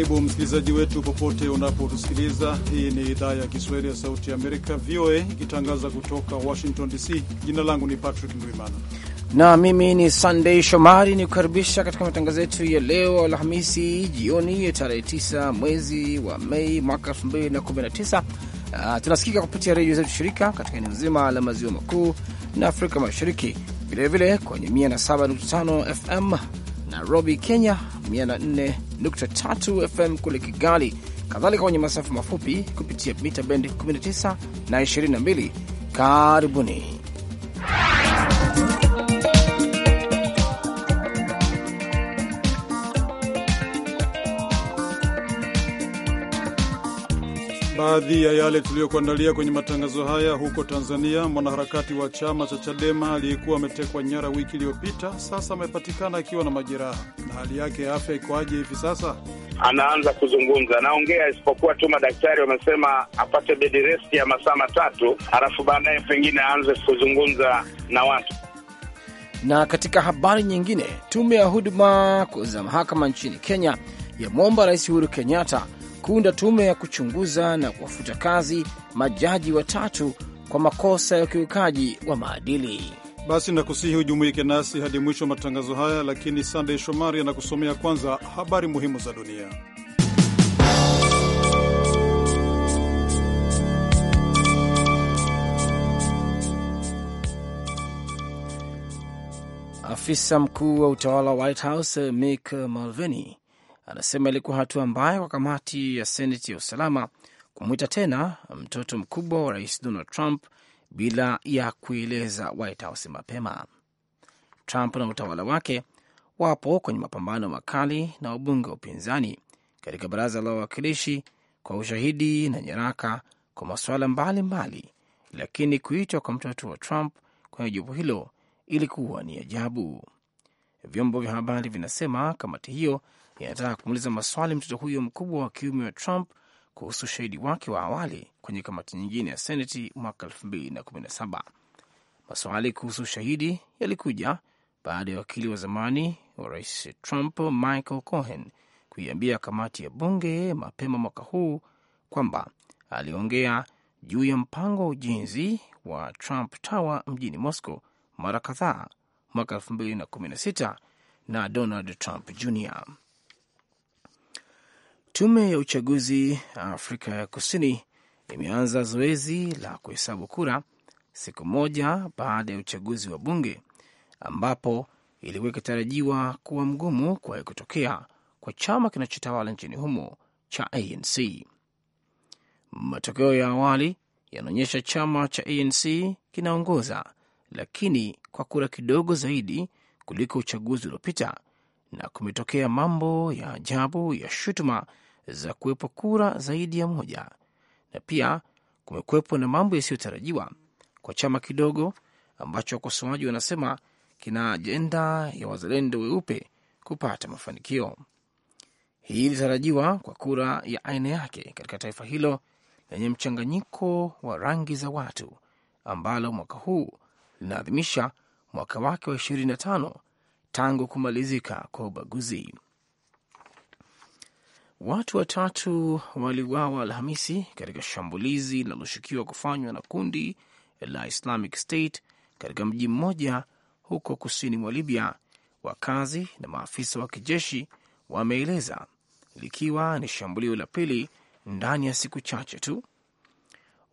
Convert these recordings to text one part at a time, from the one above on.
Karibu msikilizaji wetu popote unapotusikiliza. Hii ni idhaa ya Kiswahili ya Sauti ya Amerika, VOA, ikitangaza kutoka Washington DC. Jina langu ni Patrick Ndwimana na mimi ni Sunday Shomari, ni kukaribisha katika matangazo yetu ya leo Alhamisi jioni ya tarehe 9 mwezi wa Mei mwaka 2019. Uh, ah, tunasikika kupitia redio zetu shirika katika eneo zima la maziwa makuu na Afrika Mashariki, vilevile kwenye 107.5 FM Nairobi Kenya 104.3 FM kule Kigali, kadhalika kwenye masafa mafupi kupitia mita bendi 19 na 22. Karibuni. baadhi ya yale tuliyokuandalia kwenye matangazo haya. Huko Tanzania, mwanaharakati wa chama cha Chadema aliyekuwa ametekwa nyara wiki iliyopita sasa amepatikana akiwa na majeraha. Na hali yake ya afya ikoaje hivi sasa? Anaanza kuzungumza, anaongea, isipokuwa tu madaktari wamesema apate bed rest ya masaa matatu, halafu baadaye pengine aanze kuzungumza na watu. Na katika habari nyingine, tume ya huduma za mahakama nchini Kenya yamwomba Rais Uhuru Kenyatta kuunda tume ya kuchunguza na kuwafuta kazi majaji watatu kwa makosa ya ukiukaji wa maadili. Basi nakusihi hujumuike nasi hadi mwisho wa matangazo haya, lakini Sandey Shomari anakusomea kwanza habari muhimu za dunia. Afisa mkuu wa utawala wa White House Mick Mulvaney anasema ilikuwa hatua mbaya kwa kamati ya seneti ya usalama kumwita tena mtoto mkubwa wa rais Donald Trump bila ya kueleza White House mapema. Trump na utawala wake wapo kwenye mapambano makali na wabunge wa upinzani katika baraza la wawakilishi kwa ushahidi na nyaraka kwa masuala mbalimbali, lakini kuitwa kwa mtoto wa Trump kwenye jopo hilo ilikuwa ni ajabu. Vyombo vya habari vinasema kamati hiyo inataka kumuuliza maswali mtoto huyo mkubwa wa kiume wa Trump kuhusu ushahidi wake wa awali kwenye kamati nyingine ya Seneti mwaka 217 Maswali kuhusu ushahidi yalikuja baada ya wakili wa zamani wa rais Trump Michael Cohen kuiambia kamati ya bunge mapema mwaka huu kwamba aliongea juu ya mpango wa ujenzi wa Trump Tower mjini Moscow mara kadhaa mwaka 216 na Donald Trump Jr. Tume ya uchaguzi Afrika ya Kusini imeanza zoezi la kuhesabu kura siku moja baada ya uchaguzi wa bunge ambapo ilikuwa ikitarajiwa kuwa mgumu kuwahi kutokea kwa chama kinachotawala nchini humo cha ANC. Matokeo ya awali yanaonyesha chama cha ANC kinaongoza, lakini kwa kura kidogo zaidi kuliko uchaguzi uliopita na kumetokea mambo ya ajabu ya shutuma za kuwepo kura zaidi ya moja, na pia kumekwepo na mambo yasiyotarajiwa kwa chama kidogo ambacho wakosoaji wanasema kina ajenda ya wazalendo weupe kupata mafanikio. Hii ilitarajiwa kwa kura ya aina yake katika taifa hilo lenye mchanganyiko wa rangi za watu ambalo mwaka huu linaadhimisha mwaka wake wa tano tangu kumalizika kwa ubaguzi. Watu watatu waliuawa Alhamisi katika shambulizi linaloshukiwa kufanywa na kundi la Islamic State katika mji mmoja huko kusini mwa Libya, wakazi na maafisa wa kijeshi wameeleza, likiwa ni shambulio la pili ndani ya siku chache tu.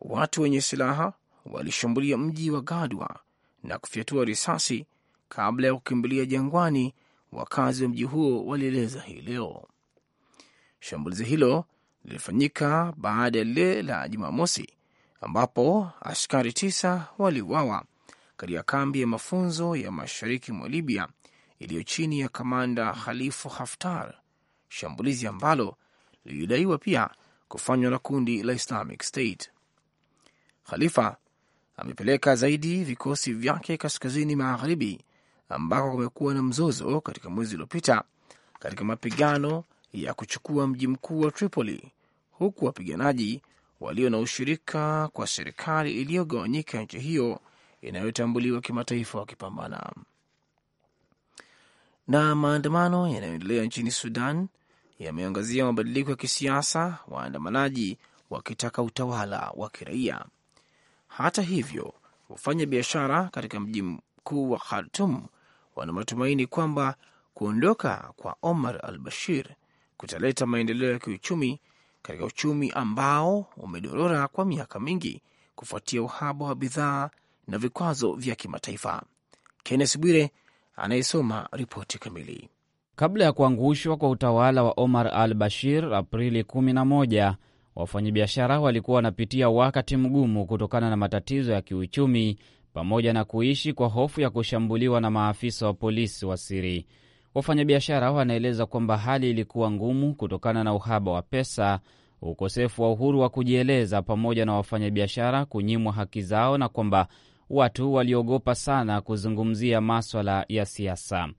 Watu wenye silaha walishambulia mji wa Gadwa na kufyatua risasi kabla ya kukimbilia jangwani, wakazi wa mji huo walieleza hii leo. Shambulizi hilo lilifanyika baada ya lile la Jumamosi ambapo askari tisa waliuawa katika kambi ya mafunzo ya mashariki mwa Libya iliyo chini ya kamanda Khalifu Haftar, shambulizi ambalo lilidaiwa pia kufanywa na kundi la Islamic State. Khalifa amepeleka zaidi vikosi vyake kaskazini magharibi ambako kumekuwa na mzozo katika mwezi uliopita katika mapigano ya kuchukua mji mkuu wa Tripoli, huku wapiganaji walio na ushirika kwa serikali iliyogawanyika nchi hiyo inayotambuliwa kimataifa wakipambana. Na maandamano yanayoendelea nchini Sudan yameangazia mabadiliko ya kisiasa, waandamanaji wakitaka utawala wa kiraia. Hata hivyo, wafanya biashara katika mji mkuu wa Khartum wana matumaini kwamba kuondoka kwa Omar al Bashir kutaleta maendeleo ya kiuchumi katika uchumi ambao umedorora kwa miaka mingi kufuatia uhaba wa bidhaa na vikwazo vya kimataifa. Kennes Bwire anayesoma ripoti kamili. Kabla ya kuangushwa kwa utawala wa Omar al Bashir Aprili 11, wafanyabiashara walikuwa wanapitia wakati mgumu kutokana na matatizo ya kiuchumi pamoja na kuishi kwa hofu ya kushambuliwa na maafisa wa polisi wa siri. Wafanyabiashara wanaeleza kwamba hali ilikuwa ngumu kutokana na uhaba wa pesa, ukosefu wa uhuru wa kujieleza, pamoja na wafanyabiashara kunyimwa haki zao, na kwamba watu waliogopa sana kuzungumzia maswala ya siasa.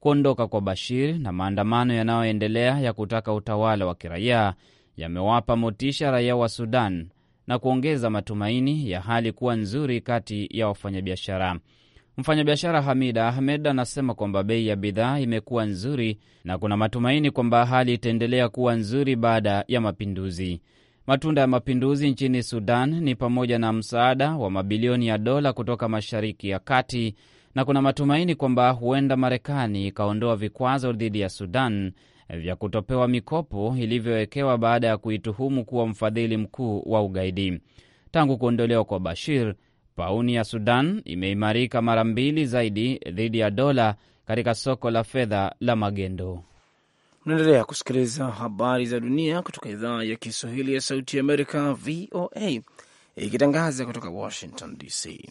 Kuondoka kwa Bashir na maandamano yanayoendelea ya kutaka utawala wa kiraia yamewapa motisha raia wa Sudan na kuongeza matumaini ya hali kuwa nzuri kati ya wafanyabiashara. Mfanyabiashara Hamida Ahmed anasema kwamba bei ya bidhaa imekuwa nzuri na kuna matumaini kwamba hali itaendelea kuwa nzuri baada ya mapinduzi. Matunda ya mapinduzi nchini Sudan ni pamoja na msaada wa mabilioni ya dola kutoka Mashariki ya Kati, na kuna matumaini kwamba huenda Marekani ikaondoa vikwazo dhidi ya Sudan vya kutopewa mikopo ilivyowekewa baada ya kuituhumu kuwa mfadhili mkuu wa ugaidi. Tangu kuondolewa kwa Bashir, pauni ya Sudan imeimarika mara mbili zaidi dhidi ya dola katika soko la fedha la magendo. Mnaendelea kusikiliza habari za dunia kutoka idhaa ya Kiswahili ya Sauti ya Amerika, VOA, ikitangaza kutoka Washington DC.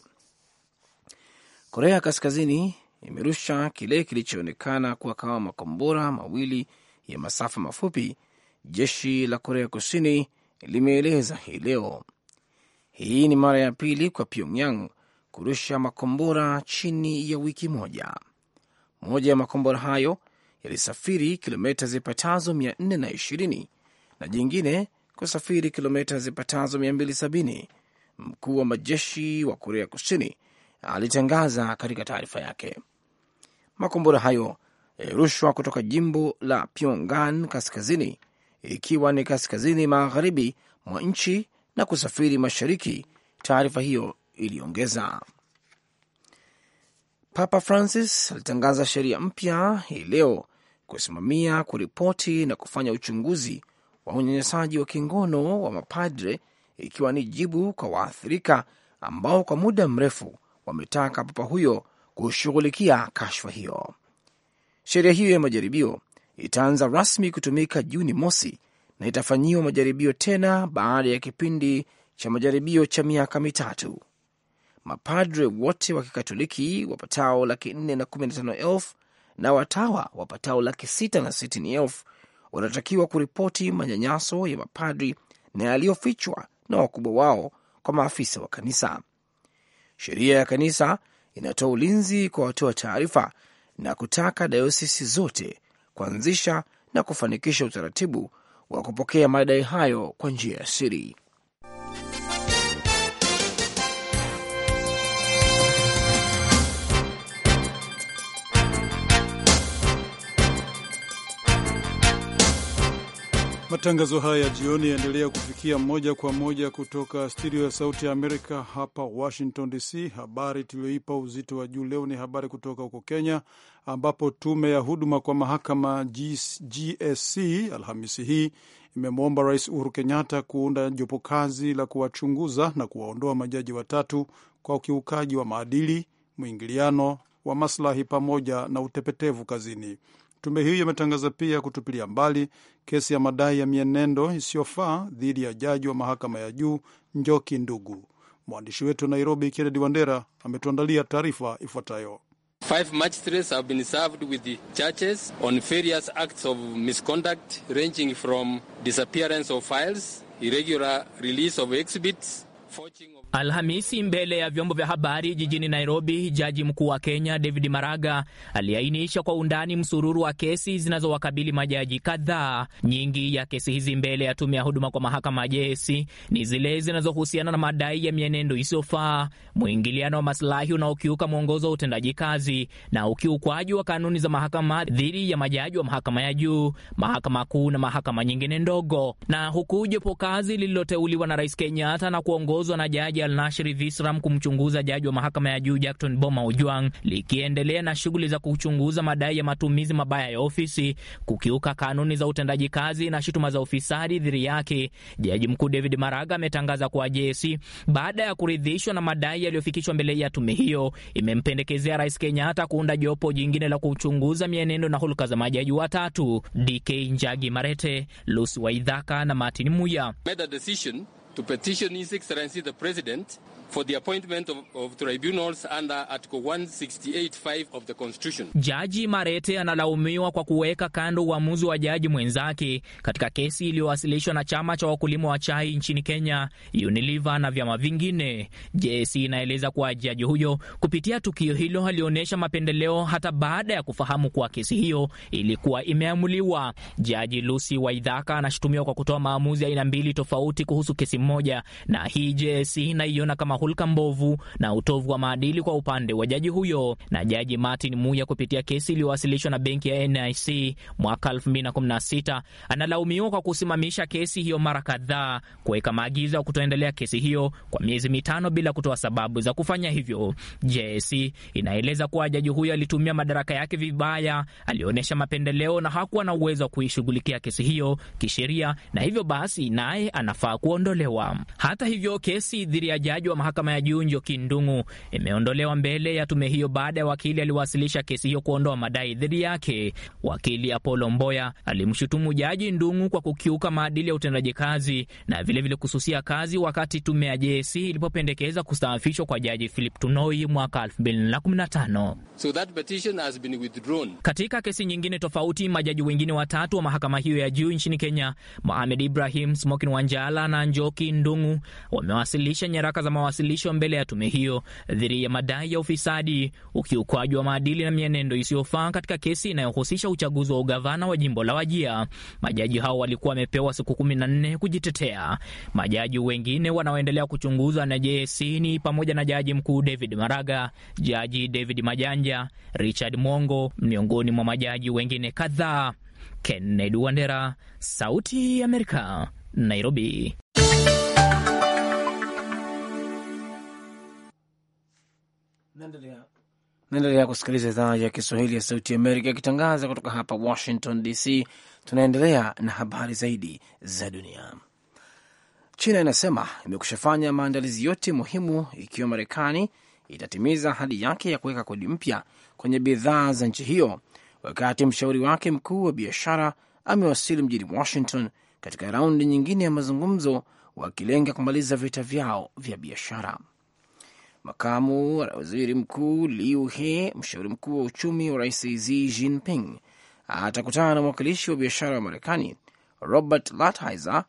Korea Kaskazini imerusha kile kilichoonekana kuwa kama makombora mawili ya masafa mafupi, jeshi la Korea Kusini limeeleza hii leo. Hii ni mara ya pili kwa Pyongyang kurusha makombora chini ya wiki moja. Moja ya makombora hayo yalisafiri kilomita zipatazo 420 na jingine kusafiri kilomita zipatazo 270, mkuu wa majeshi wa Korea Kusini alitangaza katika taarifa yake. Makombora hayo Eh, rushwa kutoka jimbo la Pyongan kaskazini, ikiwa ni kaskazini magharibi mwa nchi na kusafiri mashariki, taarifa hiyo iliongeza. Papa Francis alitangaza sheria mpya hii leo kusimamia kuripoti na kufanya uchunguzi wa unyanyasaji wa kingono wa mapadre, ikiwa ni jibu kwa waathirika ambao kwa muda mrefu wametaka papa huyo kushughulikia kashfa hiyo. Sheria hiyo ya majaribio itaanza rasmi kutumika Juni mosi na itafanyiwa majaribio tena baada ya kipindi cha majaribio cha miaka mitatu. Mapadre wote wa Kikatoliki wapatao laki nne na kumi na tano elfu na watawa wapatao laki sita na sitini elfu wanatakiwa kuripoti manyanyaso ya mapadri na yaliyofichwa na wakubwa wao kwa maafisa wa kanisa. Sheria ya kanisa inatoa ulinzi kwa watoa taarifa na kutaka dayosisi zote kuanzisha na kufanikisha utaratibu wa kupokea madai hayo kwa njia ya siri. Matangazo haya ya jioni yaendelea kufikia moja kwa moja kutoka studio ya Sauti ya Amerika hapa Washington DC. Habari tuliyoipa uzito wa juu leo ni habari kutoka huko Kenya, ambapo tume ya huduma kwa mahakama GSC Alhamisi hii imemwomba Rais Uhuru Kenyatta kuunda jopo kazi la kuwachunguza na kuwaondoa majaji watatu kwa ukiukaji wa maadili, mwingiliano wa maslahi pamoja na utepetevu kazini. Tume hiyo imetangaza pia kutupilia mbali kesi ya madai ya mienendo isiyofaa dhidi ya jaji wa mahakama ya juu Njoki Ndugu. Mwandishi wetu wa Nairobi, Kennedy Wandera, ametuandalia taarifa ifuatayo. Five magistrates have been served with the charges on various acts of misconduct ranging from disappearance of files, irregular release of exhibits, forging Alhamisi mbele ya vyombo vya habari jijini Nairobi, jaji mkuu wa Kenya David Maraga aliainisha kwa undani msururu wa kesi zinazowakabili majaji kadhaa. Nyingi ya kesi hizi mbele ya tume ya huduma kwa mahakama JSC ni zile zinazohusiana na madai ya mienendo isiyofaa, mwingiliano wa masilahi unaokiuka mwongozo wa utendaji kazi na ukiukwaji wa kanuni za mahakama dhidi ya majaji wa mahakama ya juu, mahakama kuu na mahakama nyingine ndogo. Na huku jopo kazi lililoteuliwa na Rais Kenyatta na kuongozwa na jaji Al-Nashri Visram kumchunguza jaji wa mahakama ya juu Jackton Boma Ojwang likiendelea na shughuli za kuchunguza madai ya matumizi mabaya ya ofisi, kukiuka kanuni za utendaji kazi na shutuma za ufisadi dhidi yake. Jaji mkuu David Maraga ametangaza kuwa jesi baada ya kuridhishwa na madai yaliyofikishwa mbele ya tume hiyo imempendekezea Rais Kenyatta kuunda jopo jingine la kuchunguza mienendo na hulka za majaji watatu: DK Njagi Marete, Lucy Waidhaka na Martin Muya. To petition His Excellency the President for the appointment of, of tribunals under Article 168.5 of the Constitution. Jaji Marete analaumiwa kwa kuweka kando uamuzi wa jaji mwenzake katika kesi iliyowasilishwa na chama cha wakulima wa chai nchini Kenya, Unilever na vyama vingine. JSC inaeleza kuwa jaji huyo kupitia tukio hilo alionyesha mapendeleo hata baada ya kufahamu kuwa kesi hiyo ilikuwa imeamuliwa. Jaji Lucy Waidhaka anashutumiwa kwa kutoa maamuzi aina mbili tofauti kuhusu kesi moja, na hii JSC inaiona kama kama hulka mbovu na utovu wa maadili kwa upande wa jaji huyo. Na Jaji Martin Muya, kupitia kesi iliyowasilishwa na benki ya NIC mwaka 2016, analaumiwa kwa kusimamisha kesi hiyo mara kadhaa, kuweka maagizo ya kutoendelea kesi hiyo kwa miezi mitano bila kutoa sababu za kufanya hivyo. JSC inaeleza kuwa jaji huyo alitumia madaraka yake vibaya, alionyesha mapendeleo na hakuwa na uwezo wa kuishughulikia kesi hiyo kisheria, na hivyo basi naye anafaa kuondolewa. Hata hivyo kesi dhidi ya jaji wa mahakama ya juu Njoki Ndung'u imeondolewa mbele ya tume hiyo baada ya wakili aliwasilisha kesi hiyo kuondoa madai dhidi yake. Wakili Apolo Mboya alimshutumu jaji Ndung'u kwa kukiuka maadili ya utendaji kazi na vilevile vile kususia kazi wakati tume ya JSC ilipopendekeza kustaafishwa kwa jaji Philip Tunoi mwaka 2015. So that petition has been withdrawn. Katika kesi nyingine tofauti, majaji wengine watatu wa mahakama hiyo ya juu nchini Kenya, Mohamed Ibrahim, Smokin Wanjala na Njoki Ndung'u wamewasilisha nyaraka za mawasili kuwasilishwa mbele ya tume hiyo dhidi ya madai ya ufisadi, ukiukwaji wa maadili na mienendo isiyofaa katika kesi inayohusisha uchaguzi wa ugavana wa jimbo la Wajia. Majaji hao walikuwa wamepewa siku kumi na nne kujitetea. Majaji wengine wanaoendelea kuchunguzwa na JSC ni pamoja na jaji mkuu David Maraga, jaji David Majanja, Richard Mwongo, miongoni mwa majaji wengine kadhaa. Kennedy Wandera, Sauti ya Amerika, Nairobi. Naendelea kusikiliza idhaa ya Kiswahili ya Sauti ya Amerika ikitangaza kutoka hapa Washington DC. Tunaendelea na habari zaidi za dunia. China inasema imekusha fanya maandalizi yote muhimu ikiwa Marekani itatimiza ahadi yake ya kuweka kodi mpya kwenye bidhaa za nchi hiyo, wakati mshauri wake mkuu wa biashara amewasili mjini Washington katika raundi nyingine ya mazungumzo, wakilenga kumaliza vita vyao vya biashara. Makamu waziri mkuu Liu He, mshauri mkuu wa uchumi wa rais Xi Jinping, atakutana na mwakilishi wa biashara wa Marekani Robert Lighthizer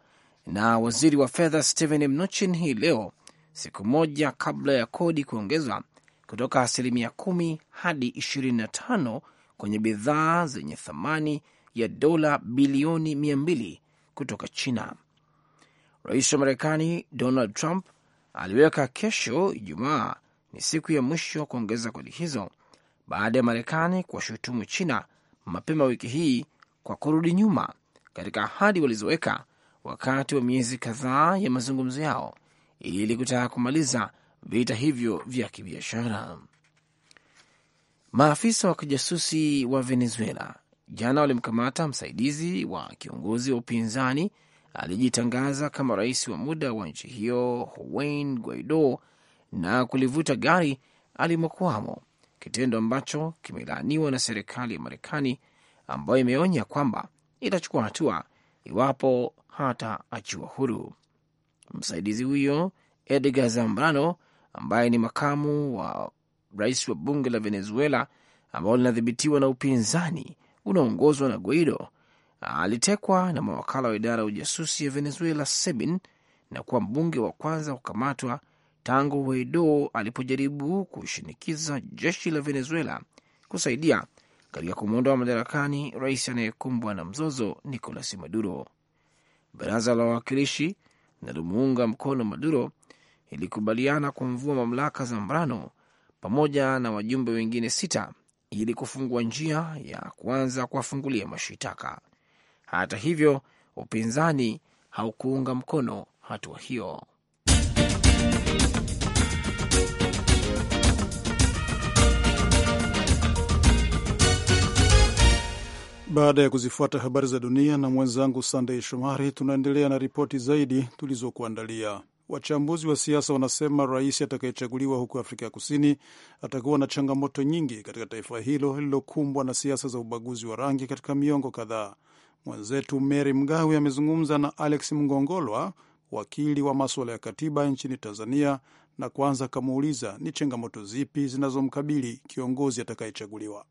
na waziri wa fedha Steven Mnuchin hii leo, siku moja kabla ya kodi kuongezwa kutoka asilimia kumi hadi 25 kwenye bidhaa zenye thamani ya dola bilioni 200 kutoka China. Rais wa Marekani Donald Trump aliweka kesho Ijumaa ni siku ya mwisho kuongeza kodi hizo baada ya Marekani kuwashutumu China mapema wiki hii kwa kurudi nyuma katika ahadi walizoweka wakati wa miezi kadhaa ya mazungumzo yao ili kutaka kumaliza vita hivyo vya kibiashara. Maafisa wa kijasusi wa Venezuela jana walimkamata msaidizi wa kiongozi wa upinzani alijitangaza kama rais wa muda wa nchi hiyo Juan Guaido na kulivuta gari alimokwamo, kitendo ambacho kimelaaniwa na serikali ya Marekani ambayo imeonya kwamba itachukua hatua iwapo hata achiwa huru. Msaidizi huyo Edgar Zambrano, ambaye ni makamu wa rais wa bunge la Venezuela ambao linadhibitiwa na upinzani unaongozwa na Guaido, alitekwa na mawakala wa idara ya ujasusi ya Venezuela SEBIN na kuwa mbunge wa kwanza kukamatwa tangu Guaido alipojaribu kushinikiza jeshi la Venezuela kusaidia katika kumwondoa madarakani rais anayekumbwa na mzozo Nicolas Maduro. Baraza la wawakilishi linalomuunga mkono Maduro ilikubaliana kumvua mamlaka za mrano pamoja na wajumbe wengine sita ili kufungua njia ya kuanza kuwafungulia mashitaka. Hata hivyo, upinzani haukuunga mkono hatua hiyo. Baada ya kuzifuata habari za dunia na mwenzangu Sandei Shomari, tunaendelea na ripoti zaidi tulizokuandalia. Wachambuzi wa siasa wanasema rais atakayechaguliwa huko Afrika ya Kusini atakuwa na changamoto nyingi katika taifa hilo lililokumbwa na siasa za ubaguzi wa rangi katika miongo kadhaa. Mwenzetu Mary mgawi amezungumza na Alex Mgongolwa, wakili wa maswala ya katiba nchini Tanzania, na kwanza akamuuliza ni changamoto zipi zinazomkabili kiongozi atakayechaguliwa.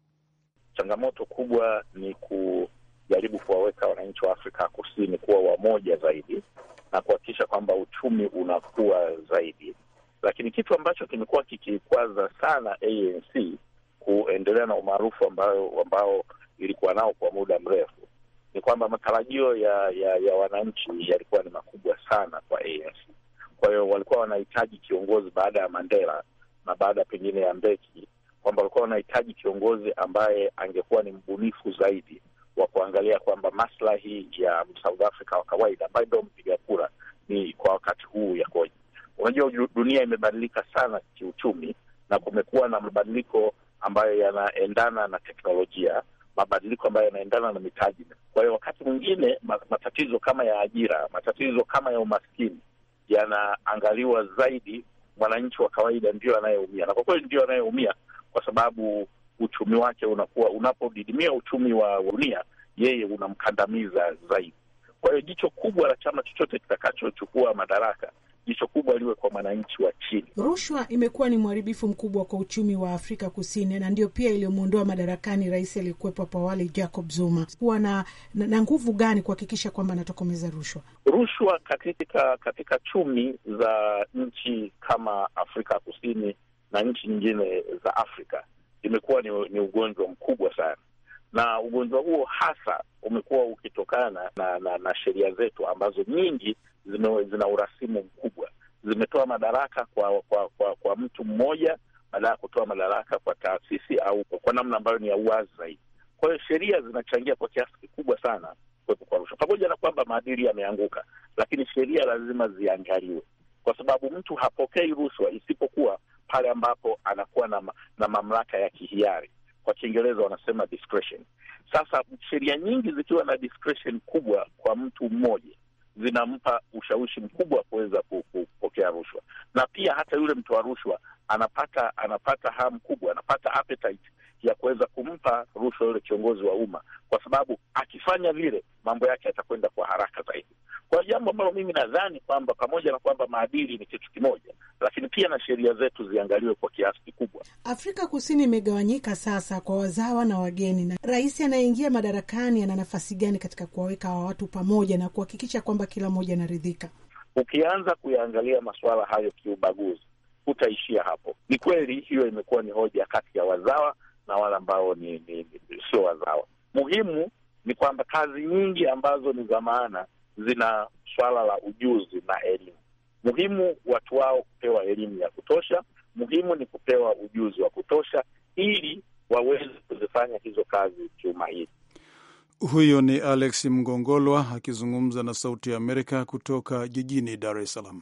Changamoto kubwa ni kujaribu kuwaweka wananchi wa Afrika Kusini kuwa wamoja zaidi na kuhakikisha kwamba uchumi unakuwa zaidi, lakini kitu ambacho kimekuwa kikikwaza sana ANC kuendelea na umaarufu ambao ambao ilikuwa nao kwa muda mrefu ni kwamba matarajio ya ya, ya wananchi yalikuwa ni makubwa sana kwa ANC. Kwa hiyo walikuwa wanahitaji kiongozi baada ya Mandela na baada pengine ya Mbeki, kwamba walikuwa wanahitaji kiongozi ambaye angekuwa ni mbunifu zaidi wa kuangalia kwamba maslahi ya South Africa wa kawaida ambaye ndo mpiga kura ni kwa wakati huu yakoje. Unajua, dunia imebadilika sana kiuchumi na kumekuwa na mabadiliko ambayo yanaendana na teknolojia mabadiliko ambayo yanaendana na mitaji. Kwa hiyo wakati mwingine matatizo kama ya ajira, matatizo kama ya umaskini yanaangaliwa zaidi. Mwananchi wa kawaida ndiyo anayeumia, na kwa kweli ndiyo anayeumia kwa sababu uchumi wake unakuwa, unapodidimia uchumi wa dunia, yeye unamkandamiza zaidi. Kwa hiyo jicho kubwa la chama chochote kitakachochukua madaraka jicho kubwa liwe kwa mwananchi wa chini. Rushwa imekuwa ni mharibifu mkubwa kwa uchumi wa Afrika Kusini na ndio pia iliyomwondoa madarakani rais aliyekuwepo hapo awali Jacob Zuma. Kuwa na, na, na nguvu gani kuhakikisha kwamba anatokomeza rushwa? Rushwa katika katika chumi za nchi kama Afrika Kusini na nchi nyingine za Afrika imekuwa ni, ni ugonjwa mkubwa sana na ugonjwa huo hasa umekuwa ukitokana na, na, na sheria zetu ambazo nyingi zime, zina urasimu mkubwa, zimetoa madaraka kwa kwa, kwa kwa mtu mmoja badala ya kutoa madaraka kwa taasisi au kwa namna ambayo ni ya uwazi zaidi. Kwa hiyo sheria zinachangia kwa kiasi kikubwa sana kuwepo kwa rushwa, pamoja na kwamba maadili yameanguka, lakini sheria lazima ziangaliwe, kwa sababu mtu hapokei rushwa isipokuwa pale ambapo anakuwa na, na mamlaka ya kihiari kwa Kiingereza wanasema discretion. Sasa sheria nyingi zikiwa na discretion kubwa kwa mtu mmoja zinampa ushawishi mkubwa wa kuweza kupokea rushwa, na pia hata yule mtoa rushwa anapata anapata hamu kubwa, anapata appetite ya kuweza kumpa rushwa yule kiongozi wa umma, kwa sababu akifanya vile mambo yake yatakwenda kwa haraka zaidi. Kwa jambo ambalo mimi nadhani kwamba pamoja na kwamba maadili ni kitu kimoja, lakini pia na sheria zetu ziangaliwe kwa kiasi kikubwa. Afrika Kusini imegawanyika sasa kwa wazawa na wageni, na rais anayeingia madarakani ana nafasi gani katika kuwaweka wa watu pamoja na kuhakikisha kwamba kila mmoja anaridhika? Ukianza kuyaangalia masuala hayo kiubaguzi, hutaishia hapo. Ni kweli hiyo imekuwa ni hoja kati ya wazawa na wale ambao ni, ni, ni sio wazawa. Muhimu ni kwamba kazi nyingi ambazo ni za maana zina swala la ujuzi na elimu. Muhimu watu wao kupewa elimu ya kutosha, muhimu ni kupewa ujuzi wa kutosha ili waweze kuzifanya hizo kazi kiumahiri. Huyo ni Alex Mgongolwa akizungumza na Sauti ya Amerika kutoka jijini Dar es Salaam.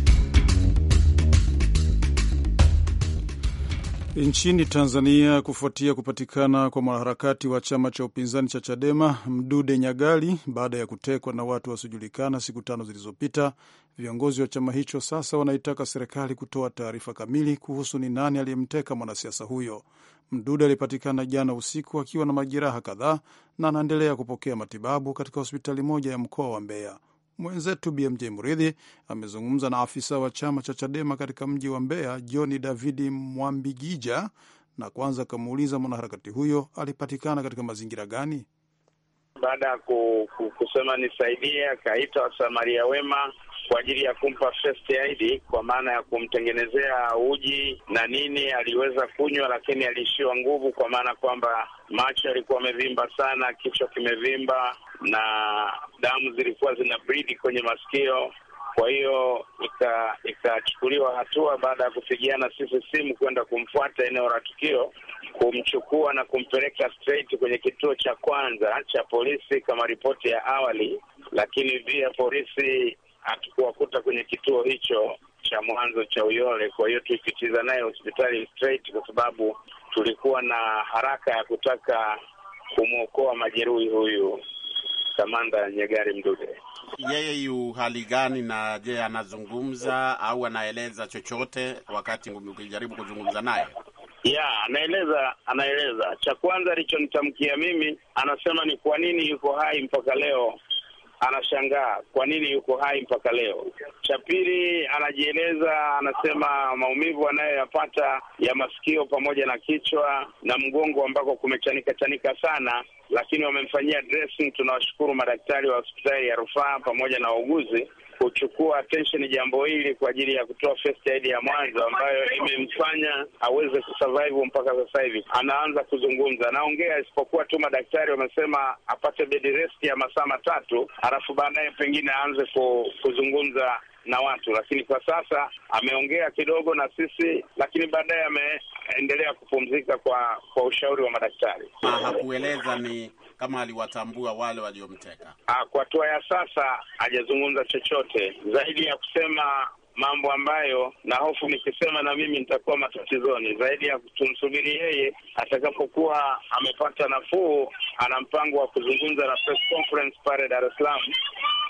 Nchini Tanzania, kufuatia kupatikana kwa mwanaharakati wa chama cha upinzani cha Chadema Mdude Nyagali baada ya kutekwa na watu wasiojulikana siku tano zilizopita, viongozi wa chama hicho sasa wanaitaka serikali kutoa taarifa kamili kuhusu ni nani aliyemteka mwanasiasa huyo. Mdude alipatikana jana usiku akiwa na majeraha kadhaa na anaendelea kupokea matibabu katika hospitali moja ya mkoa wa Mbeya. Mwenzetu BMJ mridhi amezungumza na afisa wa chama cha Chadema katika mji wa Mbeya, Johni Davidi Mwambigija, na kwanza akamuuliza mwanaharakati huyo alipatikana katika mazingira gani baada ya kusema nisaidie, akaita wasamaria wema kwa ajili ya kumpa first aid, kwa maana ya kumtengenezea uji na nini. Aliweza kunywa, lakini aliishiwa nguvu, kwa maana kwamba macho yalikuwa amevimba sana, kichwa kimevimba na damu zilikuwa zina bridi kwenye masikio. Kwa hiyo ikachukuliwa hatua baada ya kupigiana sisi simu kwenda kumfuata eneo la tukio, kumchukua na kumpeleka straight kwenye kituo cha kwanza cha polisi kama ripoti ya awali, lakini pia polisi hatukuwakuta kwenye kituo hicho cha mwanzo cha Uyole. Kwa hiyo tulipitiza naye hospitali straight, kwa sababu tulikuwa na haraka ya kutaka kumwokoa majeruhi huyu Kamanda Nyegari Mdude. Yeye yu hali gani? Na je, anazungumza au anaeleza chochote wakati ukijaribu kuzungumza naye? Ya, anaeleza anaeleza. Cha kwanza alichonitamkia mimi, anasema ni kwa nini yuko hai mpaka leo anashangaa kwa nini yuko hai mpaka leo. Cha pili, anajieleza, anasema maumivu anayoyapata ya masikio pamoja na kichwa na mgongo ambako kumechanika chanika sana, lakini wamemfanyia dressing. Tunawashukuru madaktari wa hospitali ya rufaa pamoja na wauguzi kuchukua attention jambo hili kwa ajili ya kutoa first aid ya mwanzo ambayo imemfanya aweze kusurvive mpaka sasa hivi. Anaanza kuzungumza, anaongea, isipokuwa tu madaktari wamesema apate bed rest ya masaa matatu, alafu baadaye pengine aanze kuzungumza na watu, lakini kwa sasa ameongea kidogo na sisi, lakini baadaye ameendelea kupumzika kwa kwa ushauri wa madaktari. Hakueleza ni kama aliwatambua wale waliomteka? Ah, kwa hatua ya sasa hajazungumza chochote zaidi ya kusema mambo ambayo na hofu nikisema na mimi nitakuwa matatizoni zaidi ya tumsubiri yeye atakapokuwa amepata nafuu. Ana mpango wa kuzungumza na press conference pale Dar es Salaam,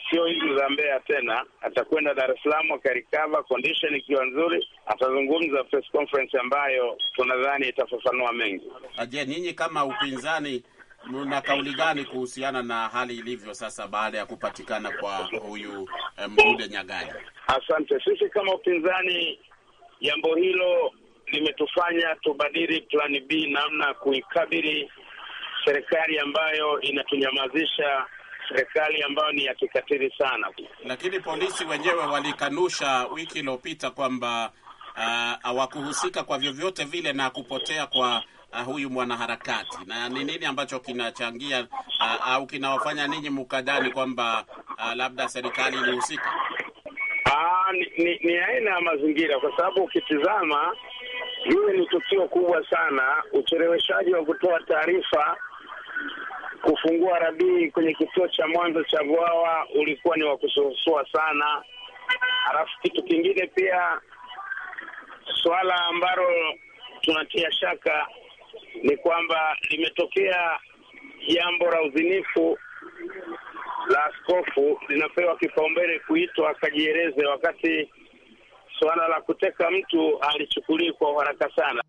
sio hizi za Mbeya tena. Atakwenda Dar es Salaam, akarikava condition ikiwa nzuri, atazungumza press conference ambayo tunadhani itafafanua mengi. Ah, je, ninyi kama upinzani mna kauli gani kuhusiana na hali ilivyo sasa baada ya kupatikana kwa huyu eh, Mdude Nyagali? Asante. Sisi kama upinzani, jambo hilo limetufanya tubadili plani B, namna ya kuikabili serikali ambayo inatunyamazisha, serikali ambayo ni ya kikatili sana. Lakini polisi wenyewe walikanusha wiki iliyopita kwamba ah, hawakuhusika uh, kwa vyovyote vile na kupotea kwa uh, huyu mwanaharakati, na ni nini ambacho kinachangia uh, au kinawafanya ninyi mukadani kwamba uh, labda serikali ilihusika? Aa, ni, ni, ni aina ya mazingira, kwa sababu ukitizama hili ni tukio kubwa sana, ucheleweshaji wa kutoa taarifa kufungua rabii kwenye kituo cha mwanzo cha bwawa ulikuwa ni wa kusuasua sana. Halafu kitu kingine pia, suala ambalo tunatia shaka ni kwamba limetokea jambo la uzinifu la askofu linapewa kipaumbele kuitwa akajieleze, wakati suala la kuteka mtu alichukuliwa kwa uharaka sana.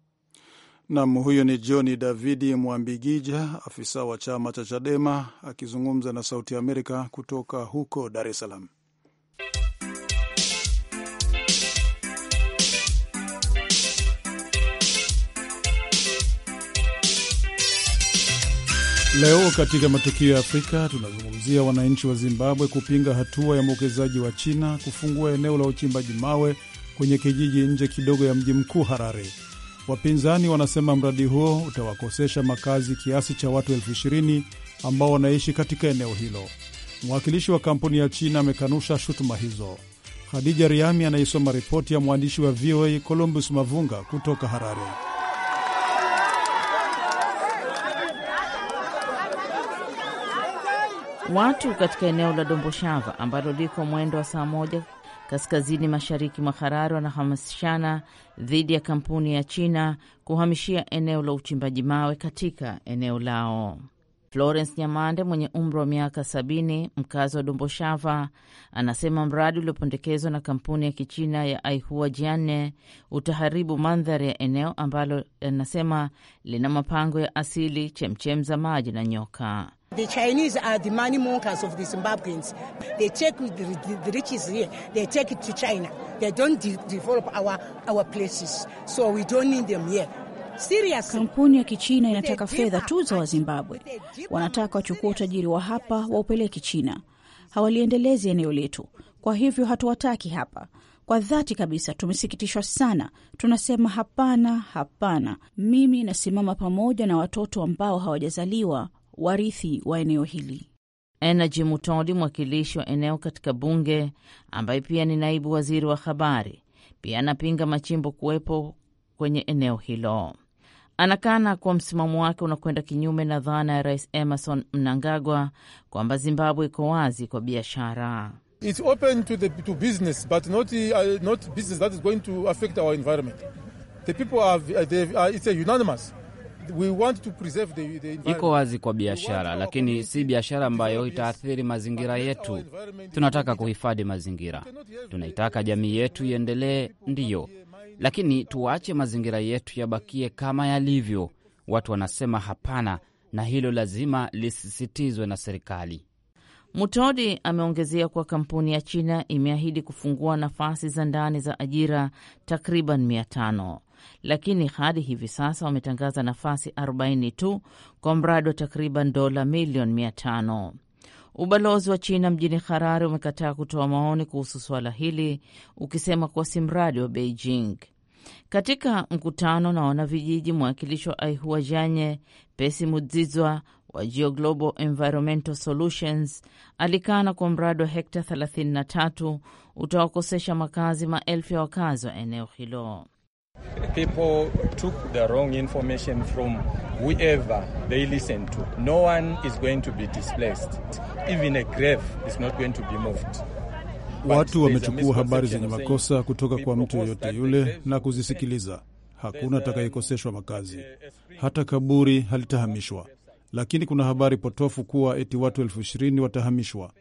Nam, huyo ni John Davidi Mwambigija, afisa wa chama cha Chadema akizungumza na Sauti ya Amerika kutoka huko Dar es Salaam. Leo katika matukio ya Afrika tunazungumzia wananchi wa Zimbabwe kupinga hatua ya mwekezaji wa China kufungua eneo la uchimbaji mawe kwenye kijiji nje kidogo ya mji mkuu Harare. Wapinzani wanasema mradi huo utawakosesha makazi kiasi cha watu elfu ishirini ambao wanaishi katika eneo hilo. Mwakilishi wa kampuni ya China amekanusha shutuma hizo. Khadija Riami anaisoma ripoti ya mwandishi wa VOA Columbus Mavunga kutoka Harare. Watu katika eneo la Domboshava ambalo liko mwendo wa saa moja kaskazini mashariki mwa Harare wanahamasishana dhidi ya kampuni ya China kuhamishia eneo la uchimbaji mawe katika eneo lao. Florence Nyamande mwenye umri wa miaka sabini, mkazi wa Domboshava, anasema mradi uliopendekezwa na kampuni ya kichina ya Aihua Jianne utaharibu mandhari ya eneo ambalo anasema lina mapango ya asili, chemchem za maji na nyoka. The Chinese are the money makers of the Zimbabweans. They take the riches here, they take it to China. They don't de develop our, our places, so we don't need them here. Seriously. Kampuni ya Kichina inataka fedha tu za Wazimbabwe, wanataka wachukua utajiri wa hapa waupeleke China. Hawaliendelezi eneo letu, kwa hivyo hatuwataki hapa. Kwa dhati kabisa, tumesikitishwa sana. Tunasema hapana, hapana. Mimi nasimama pamoja na watoto ambao hawajazaliwa warithi wa eneo hili. Energy mutodi mwakilishi wa eneo katika bunge ambaye pia ni naibu waziri wa habari, pia anapinga machimbo kuwepo kwenye eneo hilo. Anakana kuwa msimamo wake unakwenda kinyume na dhana ya Rais Emerson Mnangagwa kwamba Zimbabwe iko wazi kwa biashara. We want to preserve the, the Iko wazi kwa biashara, lakini si biashara ambayo itaathiri mazingira yetu. Tunataka kuhifadhi mazingira, tunaitaka jamii yetu iendelee, ndiyo, lakini tuache mazingira yetu yabakie kama yalivyo. Watu wanasema hapana, na hilo lazima lisisitizwe na serikali. Mutodi ameongezea kuwa kampuni ya China imeahidi kufungua nafasi za ndani za ajira takriban mia tano lakini hadi hivi sasa wametangaza nafasi 40 tu kwa mradi wa takriban dola milioni 500. Ubalozi wa China mjini Harare umekataa kutoa maoni kuhusu suala hili ukisema kuwa si mradi wa Beijing. Katika mkutano na wanavijiji, mwakilishi wa Aihua Janye Pesi Mudzizwa wa Geo Global Environmental Solutions alikana kwa mradi wa hekta 33 utawakosesha makazi maelfu ya wakazi wa eneo hilo. People took the wrong information from whoever they listened to. No one is going to be displaced. Even a grave is not going to be moved. Watu wamechukua habari zenye makosa kutoka kwa mtu yeyote yule na kuzisikiliza. Hakuna uh, atakayekoseshwa makazi, hata kaburi halitahamishwa. Lakini kuna habari potofu kuwa eti watu elfu ishirini watahamishwa.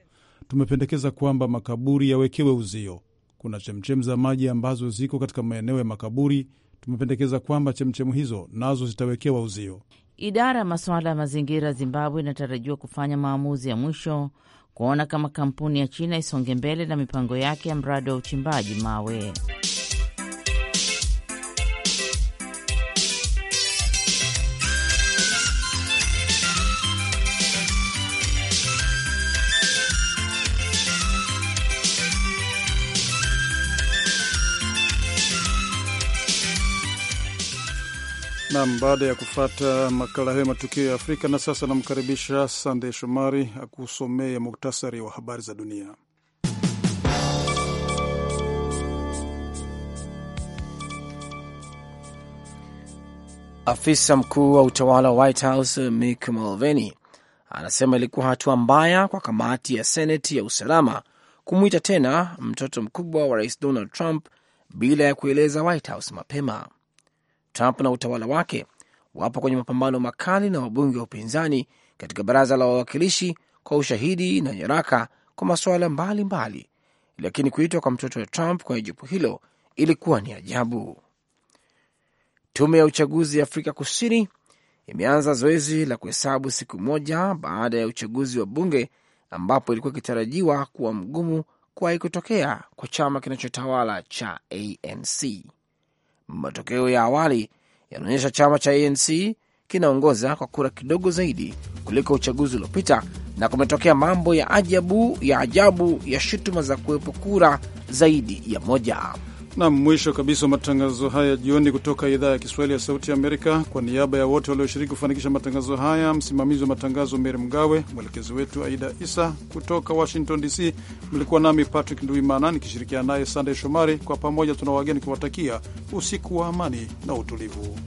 Tumependekeza kwamba makaburi yawekewe uzio kuna chemchem za maji ambazo ziko katika maeneo ya makaburi. Tumependekeza kwamba chemchemu hizo nazo zitawekewa uzio. Idara ya masuala ya mazingira Zimbabwe inatarajiwa kufanya maamuzi ya mwisho kuona kama kampuni ya China isonge mbele na mipango yake ya mradi wa uchimbaji mawe. Nam, baada ya kufata makala hayo matukio ya Afrika. Na sasa namkaribisha Sandey Shomari akusomee muktasari wa habari za dunia. Afisa mkuu wa utawala wa White House Mick Mulvaney anasema ilikuwa hatua mbaya kwa kamati ya Seneti ya usalama kumwita tena mtoto mkubwa wa rais Donald Trump bila ya kueleza White House mapema. Trump na utawala wake wapo kwenye mapambano makali na wabunge wa upinzani katika baraza la wawakilishi kwa ushahidi na nyaraka kwa masuala mbalimbali, lakini kuitwa kwa mtoto wa Trump kwenye jopo hilo ilikuwa ni ajabu. Tume ya uchaguzi ya Afrika Kusini imeanza zoezi la kuhesabu siku moja baada ya uchaguzi wa bunge ambapo ilikuwa ikitarajiwa kuwa mgumu kuwahi kutokea kwa chama kinachotawala cha ANC. Matokeo ya awali yanaonyesha chama cha ANC kinaongoza kwa kura kidogo zaidi kuliko uchaguzi uliopita, na kumetokea mambo ya ajabu ya ajabu ya shutuma za kuwepo kura zaidi ya moja na mwisho kabisa wa matangazo haya jioni kutoka idhaa ya Kiswahili ya Sauti ya Amerika. Kwa niaba ya wote walioshiriki kufanikisha matangazo haya, msimamizi wa matangazo Meri Mgawe, mwelekezi wetu Aida Isa kutoka Washington DC. Mlikuwa nami Patrick Nduimana nikishirikiana naye Sandey Shomari. Kwa pamoja tuna wageni kuwatakia usiku wa amani na utulivu.